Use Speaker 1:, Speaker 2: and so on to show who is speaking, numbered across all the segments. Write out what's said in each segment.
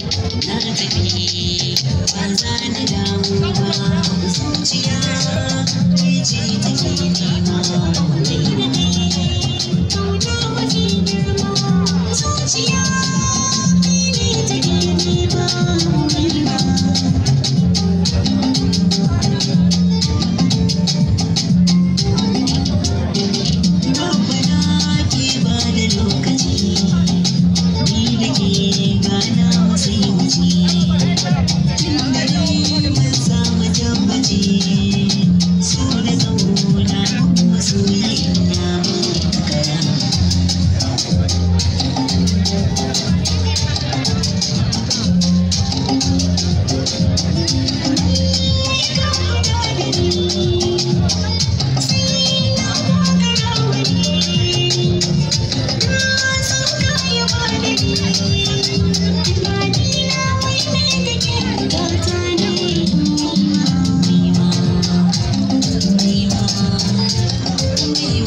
Speaker 1: Na tafi ba za ni damu ba zuciya
Speaker 2: see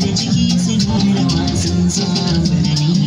Speaker 3: da jiki sun rawa sun zuba